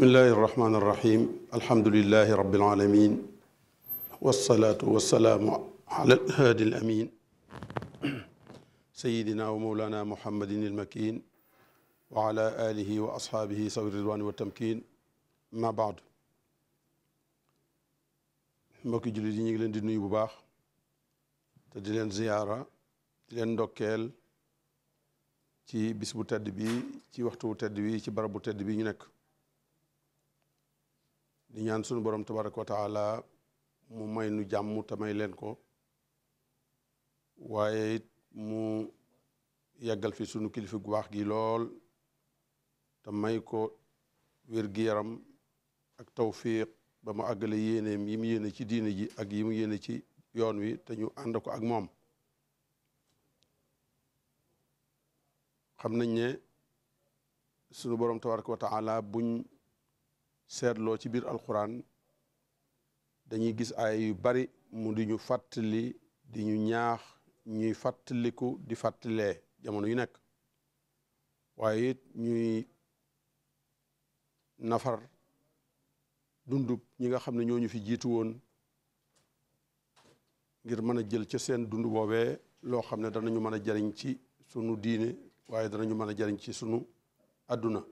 bismillahi irrahmani irrahim alhamdulilahi rabilalamin walsalaatu walsalaamu ala alhaadi alamin sayidina wa mawlana muhammadin almakin wa ala alihi wa ashaabihi sawi ridwani wa tamkin ma baadu mbokki jullit yi ñu ngi leen di nuyu bu baax te di leen ziyaara di leen ndokkeel ci bis bu tedd bi ci waxtu bu tedd bi ci barab bu tedd bi ñu nekk di ñaan sunu borom tabaraka wa mu may nu jàmm te may leen ko waaye it mu yàggal fi sunu kilifa gu baax gi lool te may ko wér-gi-yaram ak tawfiq ba mu àggale yéeneem yi mu ci diine ji ak yi mu ci yoon wi te ñu ànd ko ak moom xam nañ ne sunu borom tabaraka wa buñ seetloo ci biir alxuraan dañuy gis ay yu bari mu di ñu fàttali di ñu ñaax ñuy fàttaliku di fàttalee jamono yu nekk waaye it ñuy nafar dundub ñi nga xam ne ñoo ñu fi jiitu woon ngir mën a jël ca seen dund boobee loo xam ne danañu mën a jariñ ci sunu diine waaye danañu mën a jariñ ci sunu àdduna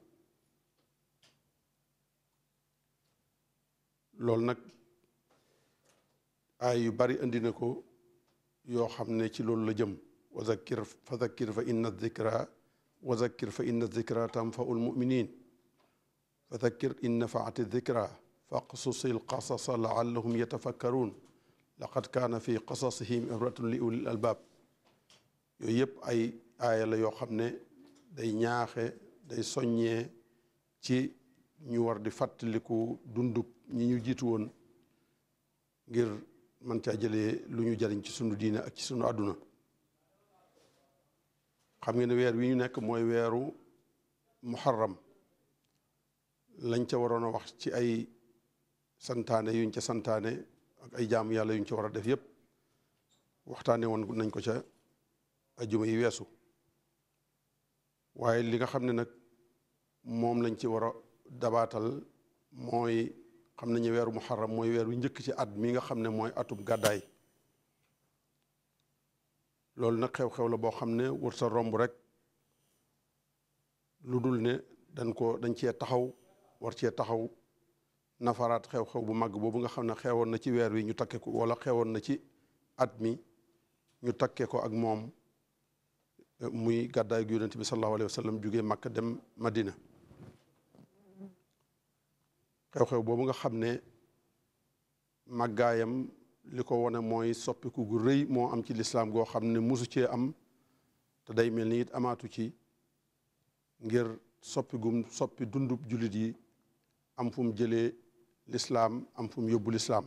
loolu nag ay yu bari indi na ko yoo xam ne ci loolu la jëm wa zakkir fa zakkir fa inna zikra wa zakkir fa inna zikra tanfaul muminin fa zakkir in nafaati zikra faqsusi lqasasa laallahum yatafakkaruun laqad kaana fi qasasihim ibratun albaab yooyu yëpp ay aaya la yoo xam ne day ñaaxe day soññee ci ñu war di fàttaliku dundub ñi ñu jiitu woon ngir man caa jëlee lu ñu jariñ ci sunu diine ak ci sunu àdduna xam ngeen ne weer wi ñu nekk mooy weeru muharram lañ ca waroon a wax ci ay santaane yuñ ca santaane ak ay jaamu yàlla yuñ ca war a def yépp waxtaane woon nañ ko ca ajuma yi weesu waaye li nga xam ne nag moom lañ ci war a dabaatal mooy xam nañu weeru muharram mooy weer wi njëkk ci at mi nga xam ne mooy atum gàddaay loolu nag xew-xew la boo xam ne wër sa romb rek lu dul ne dañ ko dañ cee taxaw war cee taxaw nafaraat xew-xew bu màgg boobu nga xam ne xewoon na ci weer wi ñu takke ko wala xewoon na ci at mi ñu takke ko ak moom eh, muy gàddaay gu yonent bi sallallahu alayhi jóge sallam dem Madina xew-xew boobu nga xam ne màggaayam li ko wane mooy soppiku gu rëy moo am ci lislaam goo xam ne musu cee am te day mel ni it amaatu ci ngir soppi gum soppi dundub jullit yi am fum jëlee lislaam am fu yóbbu lislaam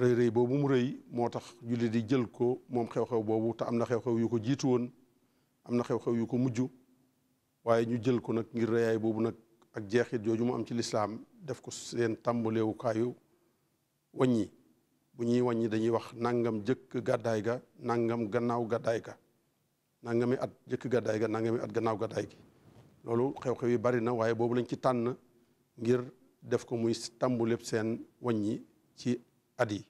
rëy rëy boobu mu rëy moo tax jullit yi jël ko moom xew-xew boobu te am na xew-xew yu ko jiitu woon am na xew-xew yu ko mujj waaye ñu jël ko nag ngir rëyaay boobu nag ak jeexit jooju mu am ci lislaam def ko seen tàmbaleewukaayu waññi bu ñuy waññi dañuy wax nangam jëkk gàddaay ga nangam gannaaw gàddaay ga nangami at jëkk gàddaay ga nangami at gannaaw gàddaay gi loolu xew-xew yi bari na waaye boobu lañ ci tànn ngir def ko muy tàmbuleeb seen waññi ci at yi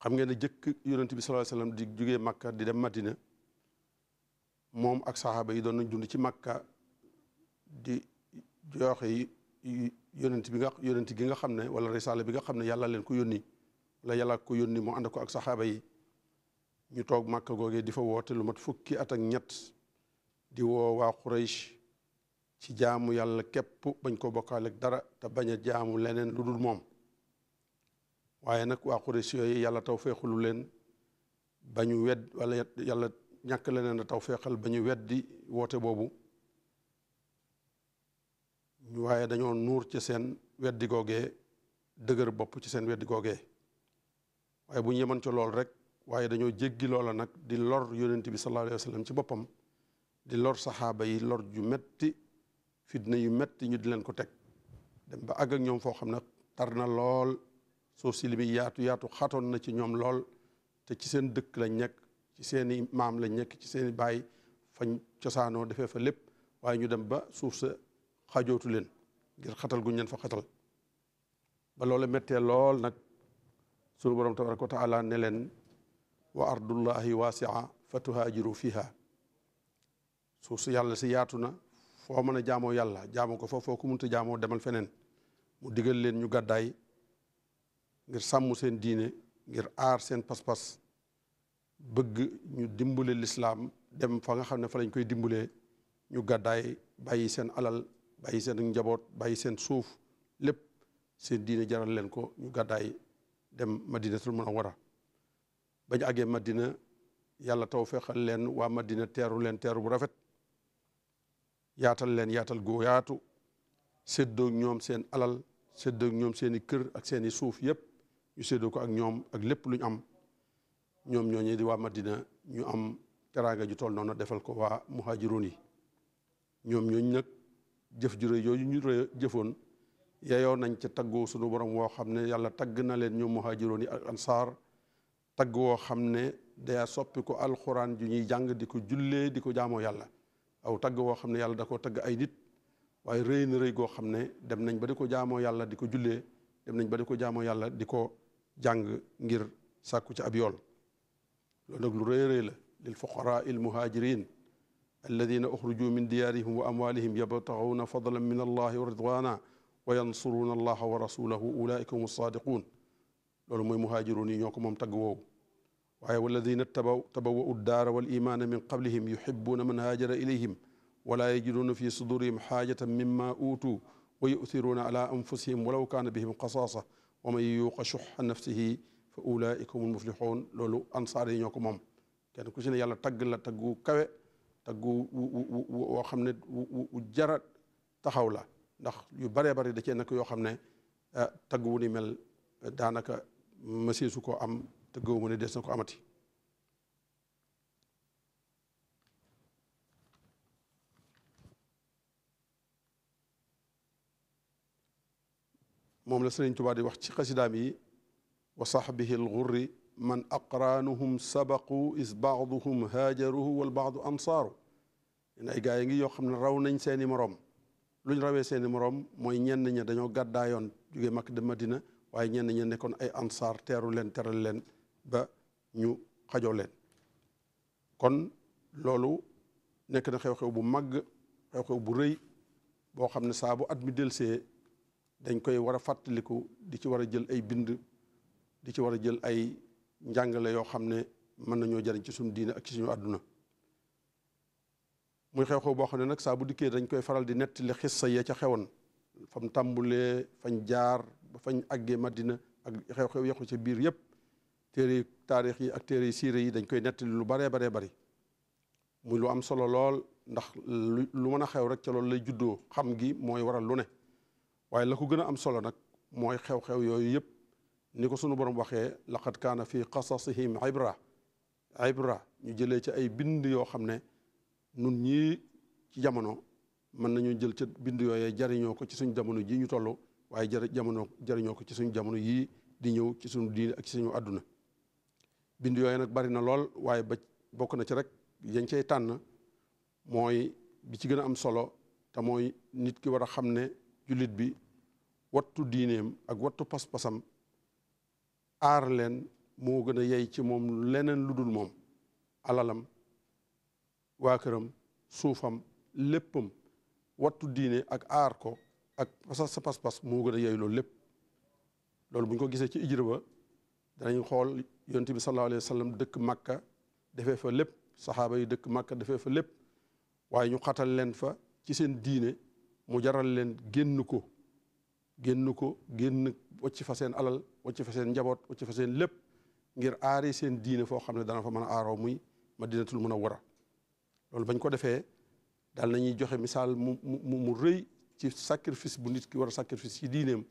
xam ngeen ne jëkk yonent bi sallallahu alayhi di jógee Makka di dem Madina moom ak saxaaba yi doon nañ dund ci Makka di joxe yonent bi nga yonent gi nga xam ne wala risaale bi nga xam ne yàlla leen ko yónni wala yàlla ko yónni mu ànd ko ak saxaaba yi ñu toog màkk googee di fa woote lu mat fukki atak ñett di woo waa Quraysh ci jaamu yàlla képp bañ ko bokkaaleeg dara te bañ a jaamu leneen lu dul moom waaye nag waa Quraysh yooyu yàlla taw feexulu leen ba wedd wala yàlla ñàkk leneen a taw feexal ba ñu weddi woote boobu waaye dañoo nuur ci seen weddi googee dëgër bopp ci seen weddi googee waaye bu ñu yeman ci lool rek waaye dañoo jéggi loola nag di lor yonent bi sallallahu alayhi wa ci boppam di lor saxaaba yi lor ju metti fitna yu metti ñu di leen ko teg dem ba àgg ak ñoom foo xam ne tar na lool suuf si li yaatu yaatu xatoon na ci ñoom lool te ci seen dëkk la ñekk ci seen i maam la ñekk ci seen i baay fañ cosaanoo defee fa lépp waaye ñu dem ba suuf sa xajootu leen ngir xatal guñ leen fa xatal ba loolu méttee lool nag sunu borom tabaraka wa taala ne leen wa ardullahi waasia fa tuhaajiru fiha suuf si yàlla si yaatu na foo mën a jaamoo yàlla jaamoo ko fa foo ko munta jaamoo demal feneen mu digal leen ñu gàddaay ngir sàmm seen diine ngir aar seen pas-pas bëgg ñu dimbale lislaam dem fa nga xam ne fa lañ koy dimbalee ñu gàddaay bàyyi seen alal bàyyi seen njaboot bàyyi seen suuf lépp seen diine jaral leen ko ñu gàddaay dem madina madinatul munawwara ba bañ àggee madina yàlla taw fexal leen waa madina teeru leen teeru bu rafet yaatal leen yaatal gu yaatu séddoo ñoom seen alal séddoo ñoom seeni kër ak seeni suuf yëpp ñu séddoo ko ak ñoom ak lépp lu ñu am ñoom ñooñu di waa madina ñu am teraanga ju toll noonu defal ko waa muhajirun yi ñoom ñooñu nag jëf ju rëy yooyu ñu jëfoon yeyoo nañ ca taggu sunu borom woo xam ne yàlla tagg na leen ñoom muhaajiroon yi ak ansaar tagg woo xam ne day soppi ko alxuraan yu ñuy jàng di ko jullee di ko jaamoo yàlla aw tagg woo xam ne yàlla da koo tagg ay nit waaye rëy na rëy goo xam ne dem nañ ba di ko jaamoo yàlla di ko jullee dem nañ ba di ko jaamoo yàlla di ko jàng ngir sàkku ci ab yool loolu nag lu rëy rëy la lil fuqaraa il muhaajiriin alladina uxrijuu min diyaarihim wa amwaalihim yabtaxuuna fadlan min allahi wa ridwaana wa yansuruuna allaha wa rasulahu ulaika hum saadiquun loolu mooy muhaajiruun yi ñoo ko moom tagg woowu waaye walladina tabaw tabawau ddaara wal imaana min qablihim yuxibuuna man haajara ilayhim wala yajiduuna fi sudurihim xaajatan mimma uutuu wa yu'thiruuna ala anfusihim walaw kaana bihim xasaasa wa man yuuqa shuxa nafsihi fa ulaika hum almuflixuun loolu ansaar yi ñoo ko moom kenn ku si ne yàlla tagg la taggu kawe tagg woo xam ne wu jara taxaw la ndax yu baree bari da cee nekk yoo xam ne eh, tagg wu ni mel eh, daanaka masi su ko am tëgg wu mu ne des na ko amati moom la Sëriñ Tuubaa di wax ci xasidaam yi wa saxbihi gurri man aqraanuhum sabaqu is baaduhum haajaruhu wal baadu ansaaru leen ay gaa yi ngi yoo xam ne raw nañ seeni moroom lu ñu rawee seeni moroom mooy ñenn ña dañoo gàddaayoon jóge Makka dem Madina waaye ñenn ña nekkoon ay ansaar teeru leen teral leen ba ñu xajoo leen kon loolu nekk na xew-xew bu màgg xew-xew bu rëy boo xam ne saabu at mi delsee dañ koy war a fàttaliku di ci war a jël ay bind di ci war a jël ay njàngale yoo xam ne mën nañoo jariñ ci suñu diine ak ci suñu àdduna muy xew-xew boo xam ne nag saa bu dikkee dañ koy faral di xis sa ya ca xewoon fam tàmbulee fañ jaar ba fañ àggee Madina ak xew-xew yaxu biir yépp téere taarix yi ak téere siire yi dañ koy nettali lu baree baree bari muy lu am solo lool ndax lu mën a xew rek ca loolu lay juddoo xam gi mooy waral lu ne waaye la ko gën a am solo nag mooy xew-xew yooyu yépp ni ko sunu borom waxee laqad kaana fi qasasihim ibra ibra ñu jëlee ci ay bind yoo xam ne nun ñii ci jamono mën nañu jël ci bind yooyee jariñoo ko ci suñ jamono ji ñu toll waaye jari jamono jariñoo ko ci suñ jamono yii di ñëw ci suñu diine ak ci suñu àdduna bind yooyee nag bari na lool waaye ba bokk na ci rek yañ cay tànn mooy bi ci gën a am solo te mooy nit ki war a xam ne jullit bi wattu diineem ak wattu pas-pasam aar leen mu gën a yey ci moom leneen lu dul moom alalam waa këram suufam léppam wattu diine ak aar ko ak pasas sa pas-pas moo gën a yey loolu lépp loolu bu ñu ko gisee ci ijra ba danañ xool yonent bi sallallahu alayhi wa dëkk Makka defee fa lépp saxaaba yi dëkk Makka defee fa lépp waaye ñu xatal leen fa ci seen diine mu jaral leen génn ko génn ko génn wacc fa seen alal wacc fa seen njaboot wacc fa seen lépp ngir aari seen diine foo xam ne dana fa mën a aaroo muy ma madinatul munawwara loolu bañ ko defee daal na nañuy joxe misaal mu mu rëy ci sacrifice bu nit ki war a sacrifice ci diineem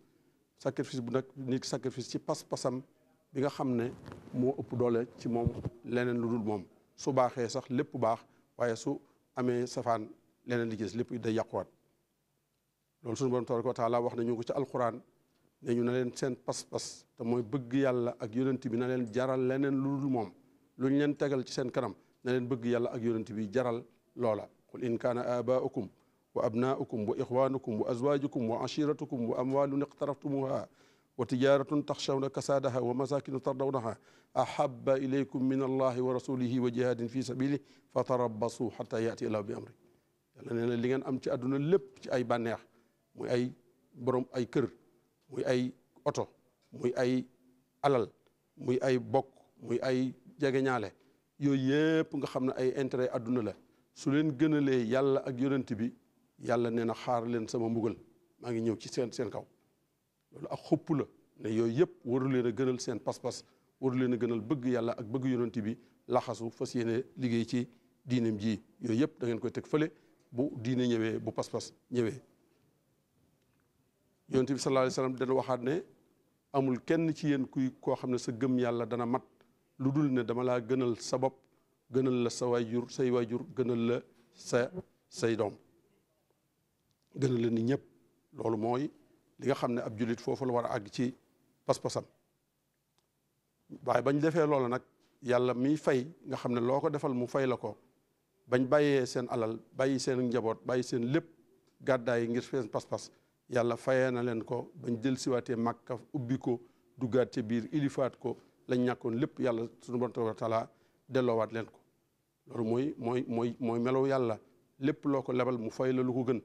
sacrifice bu nag nit ki sacrifice ci pas-pasam bi nga xam ne moo ëpp doole ci moom leneen lu dul moom su baaxee sax lépp baax waaye su amee safaan leneen li gis lépp day yàquwaat loolu suñu borom tabaraka wa taala wax nañu ko ci alquran ne ñu na leen seen pas-pas te mooy bëgg yàlla ak yonent bi na leen jaral leneen lu dul moom lu leen tegal ci seen kanam na leen bëgg yàlla ak yonent bi jaral loola qul in kaana abaaukum wa abnaaukum wa ixwaanukum wa azwaajukum wa ashiratukum wa amwaalun iqtaraftumuha wa tijaratun taxshawna kasaadaha wa masakinu tardawnaha ahaba ilaykum min allahi wa rasulihi wa jihadin fi sabilihi fa tarabbasu xata yaati allahu bi amri yàlla nee na li ngeen am ci àdduna lépp ci ay bànneex muy ay borom ay kër muy ay oto muy ay alal muy ay bokk muy ay jege ñaale yooyu yëpp nga xam ne ay intérêt àdduna la su leen gënalee yàlla ak yonent bi yàlla nee na xaar leen sama mbugal maa ngi ñëw ci seen seen kaw loolu ak xupp la ne yooyu yëpp waru leen a gënal seen pas-pas waru leen a gënal bëgg yàlla ak bëgg yonent bi laxasu fas yéene liggéey ci diineem ji yooyu yëpp da ngeen koy teg fële bu diine ñëwee bu pas-pas ñëwee yonent bi sallallahu alayhi wa dana waxaat ne amul kenn ci yéen kuy koo xam ne sa gëm yàlla dana mat lu dul ne dama laa gënal sa bopp gënal la sa waajur say waajur gënal la sa say doom gënal la ni ñëpp loolu mooy li nga xam ne ab jullit foofu la war a àgg ci pas-pasam waaye bañ defee loola nag yàlla miy fay nga xam ne loo ko defal mu fay la ko bañ bàyyee seen alal bàyyi seen njaboot bàyyi seen lépp gàddaay ngir seen pas-pas yàlla fayee na leen ko bañ jël siwaatee màkka ubbi ko duggaat ci biir ilifaat ko lañ ñàkkoon lépp yàlla sunu borom tabaaraka delloowaat leen ko loolu mooy mooy mooy mooy melow yàlla lépp loo ko lebal mu fay lu ko gën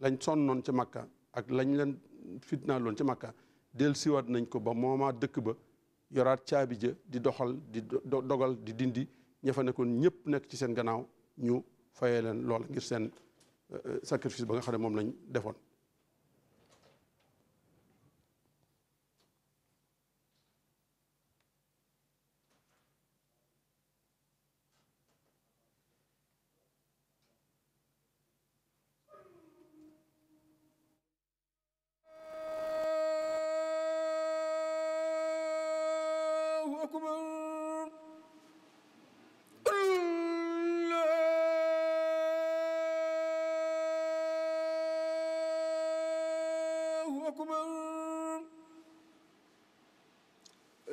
lañ sonnoon ci màkka ak lañ leen fitnaa loon ci màkka del siwaat nañ ko ba moomaa dëkk ba yoraat caabi ja di doxal di dogal di dindi ña nekkoon ñëpp nekk ci seen gannaaw ñu fayee leen lool ngir seen euh, sacrifice ba nga xam ne moom lañ defoon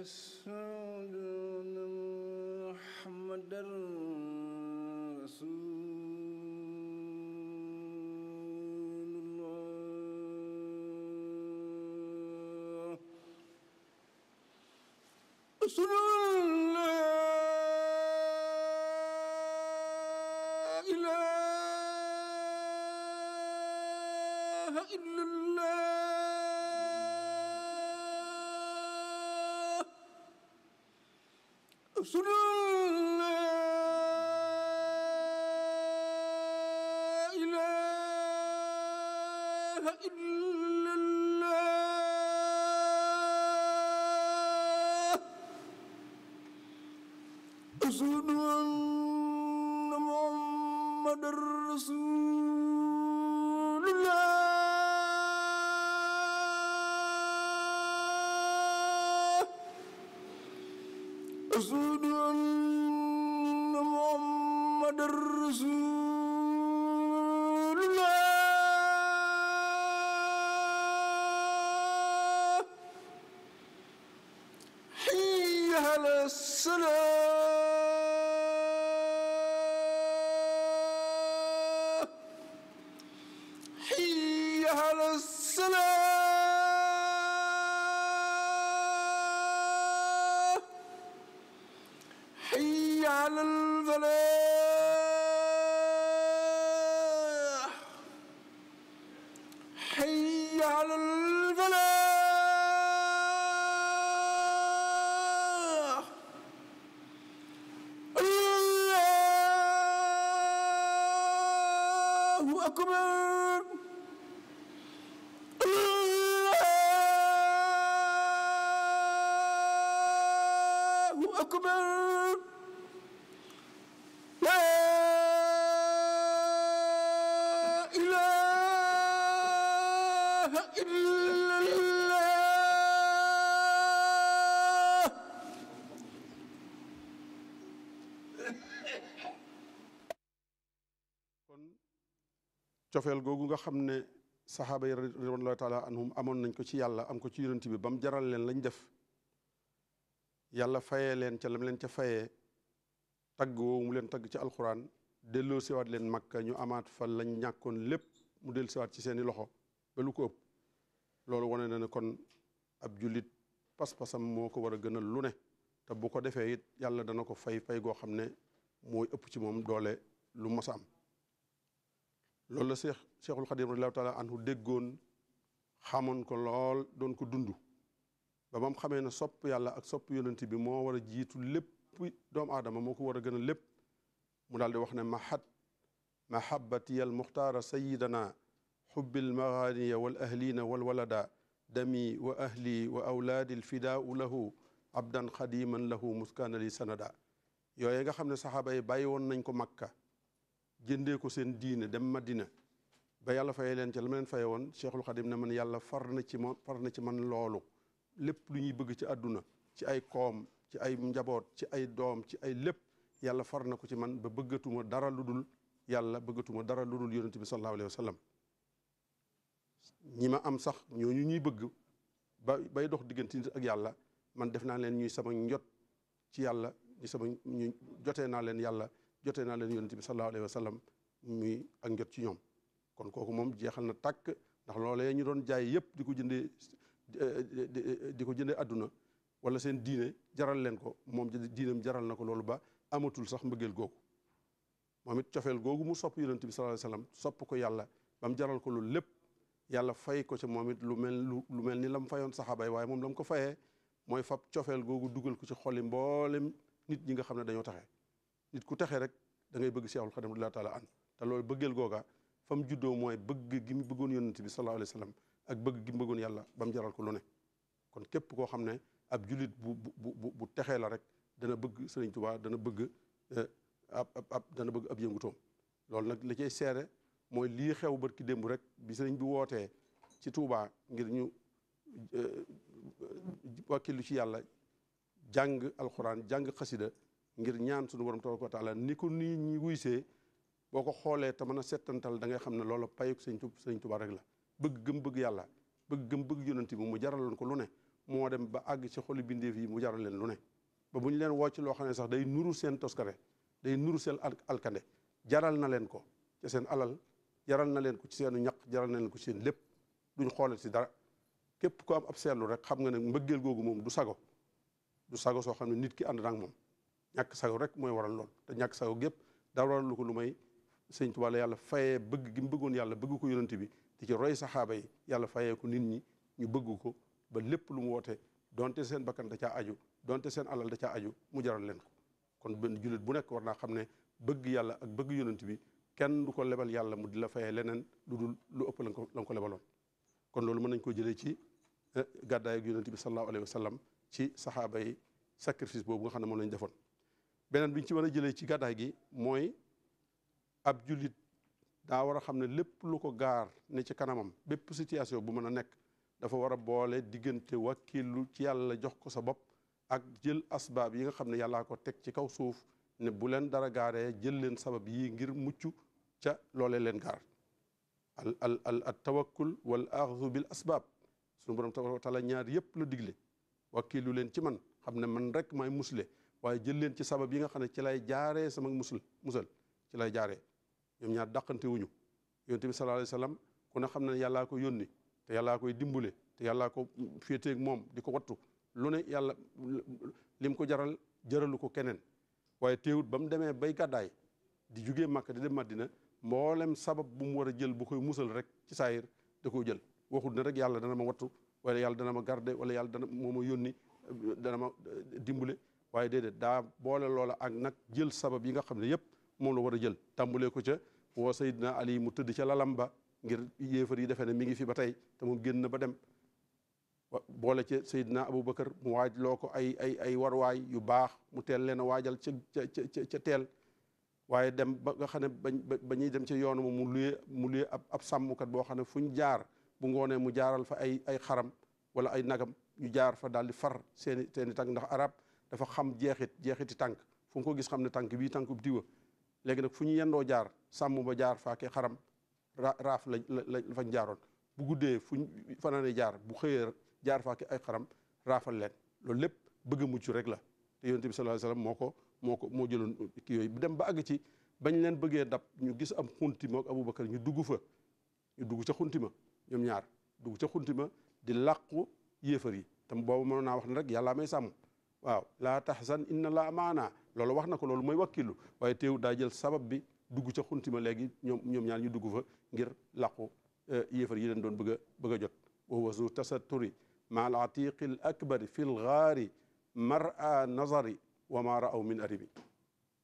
وأشهد أن محمدا رسول الله أشهد أن لا إله إلا الله أشهد أن محمد رسول وأشهد أن محمد رسول الله حي على السلام الله أكبر الله أكبر cofeel googu nga xam ne saxaaba yi ridwanullahi taala anhum amoon nañ ko ci yàlla am ko ci yonent bi bam jaral leen lañ def yàlla fayee leen ca lam leen ca fayee tagg woowu mu leen tagg ci alxuraan delloo siwaat leen makka ñu amaat fa lañ ñàkkoon lépp mu del siwaat ci seeni loxo ba lu ko ëpp loolu wane na ne kon ab jullit pas-pasam moo ko war a gënal lu ne te bu ko defee it yàlla dana ko fay fay goo xam ne mooy ëpp ci moom doole lu mos am loolu la seex seexul xadim radiyallaahu taala anhu déggoon xamoon ko lool doon ko dund ba bam xamee ne sopp yàlla ak sopp yonent bi moo war a jiitu lépp doom adama moo ko war a gën a lépp mu daal di wax ne mahat mahabatiyal muxtaara sayidana xubbil maganiya wal ahlina wal walada dami wa ahli wa awlaadil fidaau lahu abdan xadiman lahu muskaana li sanada yooye nga xam ne saxaaba yi bàyyi woon nañ ko makka jëndee ko seen diine dem Madina ba yàlla fayee leen ca la ma leen faye woon Cheikhul Khadim ne man yàlla far na ci man far na ci man loolu lépp lu ñuy bëgg ci àdduna ci ay koom ci ay njaboot ci ay doom ci ay lépp yàlla far na ko ci man ba bëggatuma dara lu dul yàlla bëggatuma dara lu dul yonent bi sallallahu alayhi wa sallam ñi ma am sax ñooñu ñuy bëgg ba bay dox diggante nit ak yàlla man def naa leen ñuy sama njot ci yàlla ñu sama ñu naa leen yàlla jotee naa leen yonent bi sallallahu alayhi wa muy ak njot ci ñoom kon kooku moom jeexal na takk ndax loolee ñu doon jaay yëpp di ko jënde di ko jënde àdduna wala seen diine jaral leen ko moom diineem jaral na ko loolu ba amatul sax mbëggeel googu moom it cofeel googu mu sopp yonent bi sallallahu alayhi wa sopp ko yàlla ba jaral ko loolu lépp yàlla fay ko ci moom it lu mel lu mel ni la mu fayoon saxaaba yi waaye moom la ko fayee mooy fab cofeel googu dugal ko ci xoli mboolem nit ñi nga xam ne dañoo taxee nit ku texe rek dangay ngay bëgg Seexul Xadim du taala an te loolu bëggeel googa fa mu juddoo mooy bëgg gi mu bëggoon yonent bi sallallaahu alayhi wa sallam ak bëgg gi bëggoon yàlla ba jaral ko lu kon képp koo xam ne ab julit bu bu bu bu texee la rek dana bëgg Sëriñ Tuubaa dana bëgg eh, ab dana bëgg ab yëngutoom loolu nag la cay seere mooy lii xew bët démb rek bi sëriñ bi wootee ci Tuubaa ngir ñu eh, lu ci yàlla jàng alxuraan jàng xasida ngir ñaan suñu borom tabaraka wa taala ni ko nii wuy see boo ko xoolee te mën a settantal da ngay xam ne loolo payuk sëñ tub sëñ rek la bëgg gëm bëgg yàlla bëgg gëm bëgg yonent bi mu jaraloon ko lu ne moo dem ba àgg ci xoli bindeef yi mu jaral leen lu ne ba bu ñu leen wocc loo xam ne sax day nuru seen toskare day nuru seen alkande jaral na leen ko seen alal jaral na leen ko ci seenu ñaq jaral na ko seen lépp duñ xoolal si dara képp ko am ab seetlu rek xam nga ne mbëggeel googu moom du sago du sago soo xam ne nit ki ànd moom ñàkk sago rek mooy waral lool te ñàkk sago gépp dara lu ko lu may sëñ Tuubaa yàlla fayee bëgg gi mu bëggoon yàlla bëgg ko yonent bi di ci roy saxaaba yi yàlla fayee ko nit ñi ñu bëgg ko ba lépp lu mu woote donte seen bakkan da caa aju donte seen alal da caa aju mu jaral leen ko kon benn jullit bu nekk war naa xam ne bëgg yàlla ak bëgg yonent bi kenn du ko lebal yàlla mu di la fayee leneen lu dul lu ëpp la ko la ko lebaloon kon loolu mën nañ ko jëlee ci eh, gàddaay ak bi sallallahu alayhi wa ci saxaaba yi sacrifice boobu nga xam ne moom lañ defoon beneen biñ ci mën a jëlee ci gàddaay gi mooy ab jullit daa war a xam ne lépp lu ko gaar ne ci kanamam bépp situation bu mën a nekk dafa war a boole diggante wàkkilu ci yàlla jox ko sa bopp ak jël asbaab yi nga xam ne yàllaa ko teg ci kaw suuf ne bu leen dara gaaree jël leen sabab yii ngir mucc ca loole leen gaar al al al tawakkul wal axdu bil asbaab suñu borom tabaraka wa taala ñaar yépp la digle wàkkilu leen ci man xam ne man rek maay musle waaye jël leen ci sabab yi nga xam ne ci lay jaaree sama musul musal ci lay jaaree ñoom ñaar dàqante wuñu yonent bi sallallahu alayhi wasallam ku ne xam ne yàllaa ko yónni te yàllaa koy dimbule te yàllaa ko féeteeg moom di ko wattu lu ne yàlla lim ko jaral jaralu ko keneen waaye teewut ba mu demee bay gàddaay di jugee Makka di dem Madina mboolem sabab bu mu war a jël bu koy musal rek ci saayir da koy jël waxul ne rek yàlla dana ma wattu wala yàlla dana ma garde wala yàlla dana moo ma yónni dana ma dimbule waaye déedéet daa boole loola ak nag jël sabab yi nga xam ne yëpp moom la war a jël tàmbalee ko ca woo Seydina Ali mu tëdd ca lalam ba ngir yéefar yi defee ne mi ngi fi ba tey te moom génn ba dem boole ca Seydina Aboubacar mu waaj loo ko ay ay ay warwaay yu baax mu teel leen a waajal ca ca ca ca teel waaye dem ba nga xam ne bañ ba ñuy dem ca yoonu mu luyee mu luyee ab ab sàmmkat boo xam ne fu ñu jaar bu ngoonee mu jaaral fa ay ay xaram wala ay nagam yu jaar fa daal di far seeni seeni tànk ndax arab dafa xam jeexit jeexiti tànk fu nga ko gis xam ne tànk bii tànk bu diwa léegi nag fu ñu yendoo jaar sàmm ba jaar faake xaram raaf lañ la fañ jaaroon bu guddee fu ñu fanaane jaar bu xëyee jaar faake ay xaram raafal leen loolu lépp bëgg mucc rek la te yonent bi sallallahu moo ko moo ko moo jëloon kii yooyu dem ba àgg ci bañ leen bëggee dab ñu gis am xunti ma ak Abubakar ñu dugg fa ñu dugg ca xunti ñoom ñaar dugg ca xunti ma di làqu yéefar yi tam boobu mënoon naa wax ne rek yàllaa may sàmm waaw laa tahzan inna laa maana loolu wax na ko loolu mooy wakkilu waaye teew daa jël sabab bi dugg ca xuntima léegi ñoom ñoom ñaar ñu dugg fa ngir làqu eh, yéefar yi leen doon bëgg a bëgg a jot wa huwa zu tasatturi ma al atiqi al akbari fi l gaari mara nazari wa ma raaw min aribi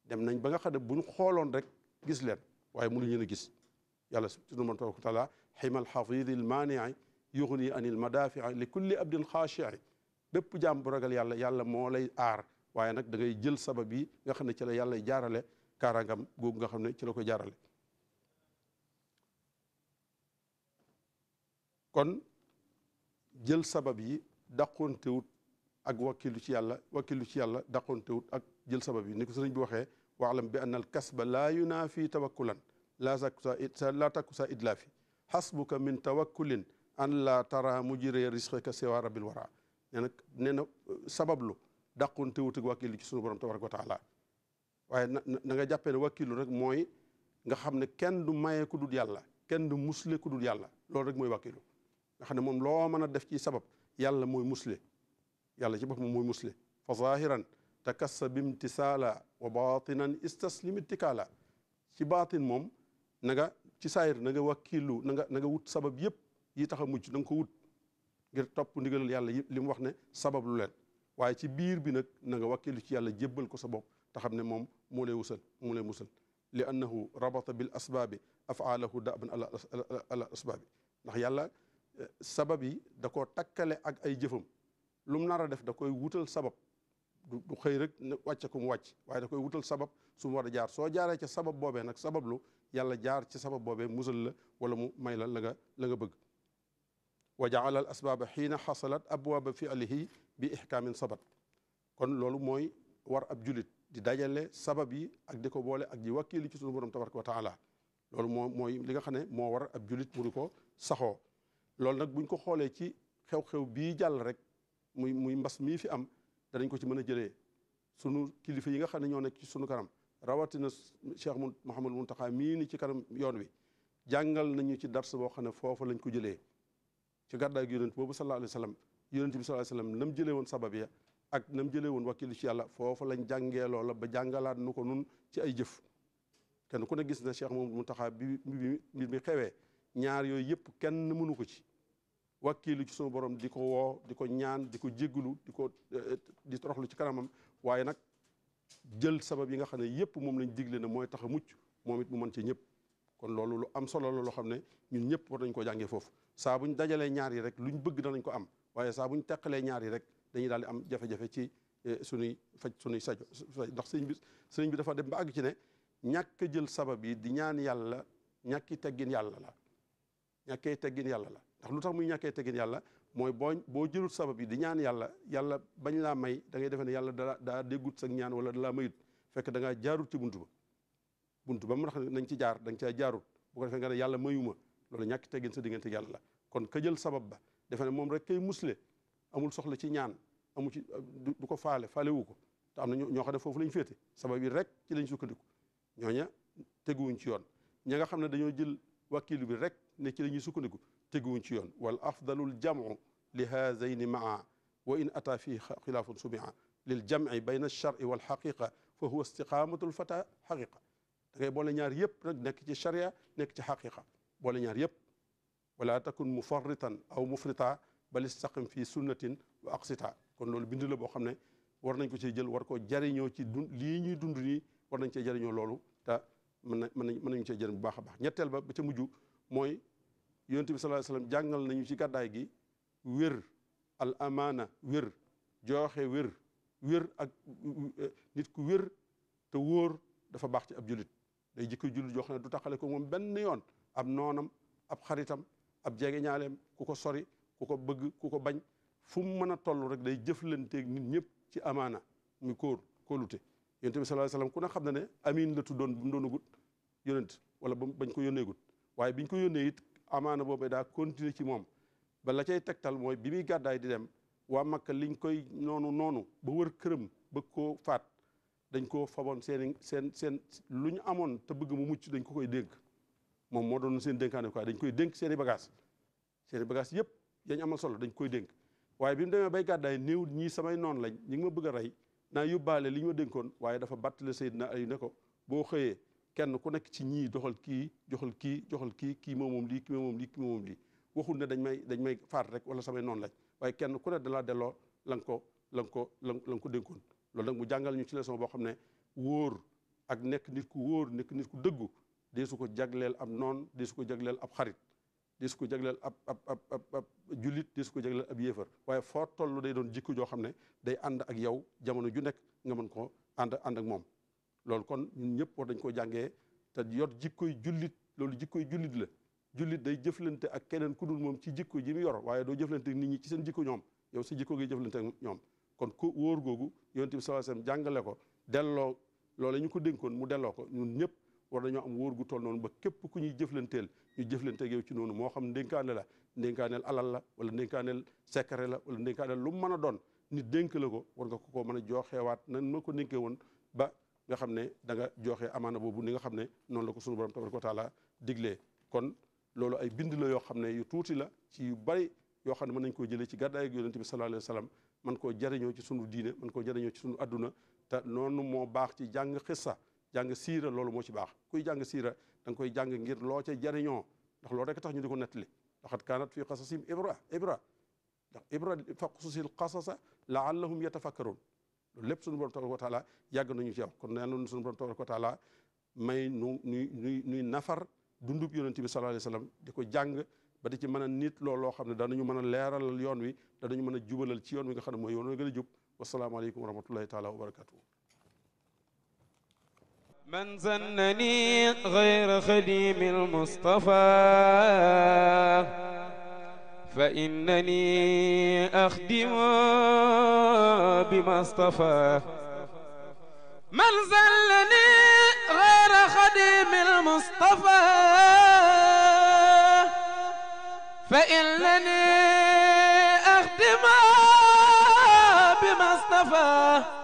dem nañ ba nga xam ne buñ xooloon rek gis leen waaye mënu leen a gis yàlla sunu moom tabaraka taala xima alxafidi almaanii yuxni an almadafii li kulli abdin xaashii bépp jaam bu ragal yàlla yàlla moo lay aar waaye nag da ngay jël sabab yi nga xam ne ci la yàlla jaarale kaarangam googu nga xam ne ci la ko jaarale kon jël sabab yi dàqoontewut ak wakkilu ci yàlla wakkilu ci yàlla ak jël sabab yi ni ko sëriñ bi waxee waalam bi anna al kasba laa yunaafi tawakkulan laa takku saa laa takku saa idlaafi xasbuka min tawakkulin an laa tara mujire risqeka siwa rabbil wara nee na nee na euh, te dàqun téwutig wàkkilu ci sunu borom tabaraka wa taala waaye na nga jàppee ne wàkkilu rek mooy nga xam ne kenn du maye ku dul yàlla kenn du musle ku dul yàlla loolu rek mooy wàkkilu nga xam ne moom loo mën a def ci sabab yàlla mooy musle yàlla ci boppam mooy musle fa zahiran takassa bimtisaala wa batinan istaslim ittikaala ci baatin moom na nga ci saayir na nga wàkkilu na nga na nga wut sabab yëpp yi tax a mujj na nga ko wut gir topp ndigalal yàlla yi li mu wax ne sabab lu leen waaye ci biir bi nag na nga wakkilu ci yàlla jébbal ko sa bopp te xam ne moom moo lay wusal moo lay musal li annahu rabata bil asbaabi afaalahu daban ala ala asbaabi ndax yàlla eh, sabab yi da koo takkale ak ay jëfam lu mu nar a def da koy wutal sabab du xëy rek wàcce ko mu wàcc waaye da koy wutal sabab su mu war a jaar soo jaaree ca sabab boobee nag sabab lu yàlla jaar ci sabab boobe musal la wala mu may la la la nga bëgg wa jaala al a xiina xasalat fi fialihi bi ixkaamin sabat kon loolu mooy war ab julit di dajale sabab yi ak di ko boole ak di wàkkiilu ci sunu borom tabaraka ko taala loolu moo mooy li nga xam ne moo war ab julit mu ko saxoo loolu nag buñ ko xoolee ci xew-xew bii jàll rek muy muy mbas mii fi am danañ ko ci mën a jëlee sunu kilifa yi nga xam ne ñoo nekk ci sunu kanam rawatina Cheikh Mouhamadou Mountakha mii ni ci kanam yoon wi jàngal nañu ci dars boo xam ne foofa lañ ko jëlee ci gàddaay gi yonent boobu sallallahu alayhi wa sallam yonent bi sallallahu alayhi wa sallam nam jëlee woon sabab ya ak nam jëlee woon wakkilu ci yàlla foofa lañ jàngee loola ba jàngalaat nu ko nun ci ay jëf kenn ku ne gis na Cheikh Mouhamadou Mountakha bi bi mbir mi xewee ñaar yooyu yëpp kenn mënu ko ci wakkilu ci sunu borom di ko woo di ko ñaan di ko jéggulu di ko eh, eh, di toroxlu ci kanamam waaye nag jël sabab yi nga xam ne yëpp moom lañ digle ne mooy tax a mucc moom it mu mën ci ñëpp kon loolu lu am solo la loo xam ne ñun ñëpp war nañ koo jàngee foofu saa buñ dajalee ñaar yi rek luñ bëgg danañ ko am waaye saa buñ teqalee ñaar yi rek dañuy daal di am jafe ci eh, suñuy faj suñuy sajo ndax sëñ bi sëñ bi dafa dem ba àgg ci ne ñàkk jël sabab yi di ñaan yàlla ñàkki teggin yàlla la ñàkkee teggin yàlla la ndax lu tax muy ñàkkee teggin yàlla mooy boo boo jëlul sabab yi di ñaan yàlla yàlla bañ laa may da ngay defee ne yàlla daa daa déggut sa ñaan wala da laa mayut fekk da ngaa jaarut ci buntu ba buntu ba mu rax nañ ci jaar da nga caa jaarut bu ko nga ne yàlla mayuma loolu ñàkk teggin sa diggante yàlla la kon ka jël sabab ba defe moom rek kay musle amul soxla ci ñaan amu ci du ko faale faale wu ko am na ñoo xam ne foofu lañu féete sabab yi rek ci lañ sukkandiku ñooña teguwuñ ci yoon ña nga xam ne dañoo jël wakiilu bi rek ne ci la sukkandiku teguwuñ ci yoon wal afdalul jamu li haazayni maa wa in ata fii xilaafun subia lil jamci bayna alchari wal xaqiqa fa huwa istiqaamatu lfata xaqiqa da ngay boole ñaar yëpp nag nekk ci charia nekk ci xaqiqa boole ñaar yëpp wala takun mufarritan aw mufrita bal istaqim fii sunnatin wa aqsita kon loolu bindi la boo xam ne war nañ ko cee jël war ko jariñoo ci dund lii ñuy dund nii war nañ cee jariñoo loolu te mën na mën nañ mën nañu cee jëriñ bu baax a baax ñetteel ba ba ca mujj mooy yonent bi sallallahu alayhi wasallam jàngal nañu ci gàddaay gi wér al amaana wér jooxe wér ak nit ku wér te wóor dafa baax ci ab julit day jikko jullit joo xam ne du taxale ko moom benn yoon ab noonam ab xaritam ab jegeñaaleem ku ko sori ku ko bëgg ku ko bañ fu mu mën a toll rek day jëflanteeg ñëpp ci amaana muy kóor kóolute yonent bi sallallahu alayhi wasallam ku ne xam na ne amin la tuddoon bu mu doon agut yonent wala ba bañ ko yónnee waaye biñ ko yónnee it amaana boobu daa continuer ci moom ba la cay tegtal mooy bi muy gàddaay di dem waa Makka liñ koy noonu noonu ba wër këram bëgg koo faat dañ ko faboon seen seen seen lu ñu amoon te bëgg mu mucc dañ ko koy dénk moom moo doon seen dénkaane quoi dañ koy dénk seen i bagage seen i bagage yëpp yañ amal solo dañ koy dénk waaye bi mu demee bay gàddaay néewul ñii samay noon lañ ñi ngi ma bëgg a rey naa yóbbaale li ñu dénkoon waaye dafa bàttale Seydina Ali ne ko boo xëyee kenn ku nekk ci ñii doxal kii joxal kii joxal kii kii moom moom lii kii moom moom lii kii waxul ne dañ may dañ may faat rek wala samay noonu lañ waaye kenn ku ne dalaa delloo la nga ko la nga ko la ko dénkoon loolu nag mu jàngal ñu ci leçon boo xam ne wóor ak nekk nit ku wóor nekk nit ku dëggu dee su ko jagleel ab noon dee su ko jagleel ab xarit dee su ko jagleel ab ab ab ab jullit dee su ko jagleel ab yéefar waaye foo toll day doon jikko joo xam ne day ànd ak yow jamono ju nekk nga mën ko ànd ànd ak moom loolu kon ñun ñëpp war dañ ko jàngee te yor jikkoy jullit loolu jikkoy jullit la jullit day jëflante ak keneen ku moom ci jikko ji mu yor waaye doo jëflante nit ñi ci seen jikko ñoom yow sa jikko ngay jëflante ak ñoom kon ku wóor googu yonent bi sallallahu alayhi wasallam jàngale ko delloo loolu ñu ko dénkoon mu delloo ko ñun ñëpp war nañoo am wóor gu toll noonu ba képp ku ñuy jëflanteel ñu jëflanteeg yow ci noonu moo xam ndénkaane la ndénkaaneel alal la wala ndénkaaneel secret la wala ndénkaaneel lu mu mën a doon nit dénk ko war nga ko koo mën a jooxeewaat nan na ko dénkee woon ba nga xam ne da nga jooxee boobu ni nga xam ne noonu la ko sunu borom tabaraka wa taala diglee kon loolu ay bind la yoo xam ne tuuti la ci yu bari yoo xam ne mën nañ koo jëlee ci gàddaay ak yonente bi sallallahu alayhi wa sallam ci sunu diine man koo jariñoo ci sunu adduna te noonu moo baax ci jàng xissa jàng siira loolu moo ci baax kuy jàng siira da nga koy jàng ngir loo ca jariñoo ndax loolu rek tax ñu di ko nettali laqad kaanat fi qasasim ibra ibra ndax ibra faqsusil qasasa laallahum yatafakkaroon loolu lépp suñu borom tabaraka wa taala yàgg nañu ci wax kon nee nañu suñu borom tabaraka wa taala may nu nuy nuy nuy nafar dundub yonente bi sallallahu alayhi wa sallam di ko jàng ba di ci mën a nit loolu loo xam ne danañu ñu a leeralal yoon wi danañu mën a jubalal ci yoon wi nga xam ne mooy yoon wi gën a jub wasalaamaaleykum wa rahmatullahi taala wa barakatuhu من زنني غير خديم المصطفى فإنني أخدم بما اصطفى من زلني غير خديم المصطفى فإنني أخدم بما اصطفى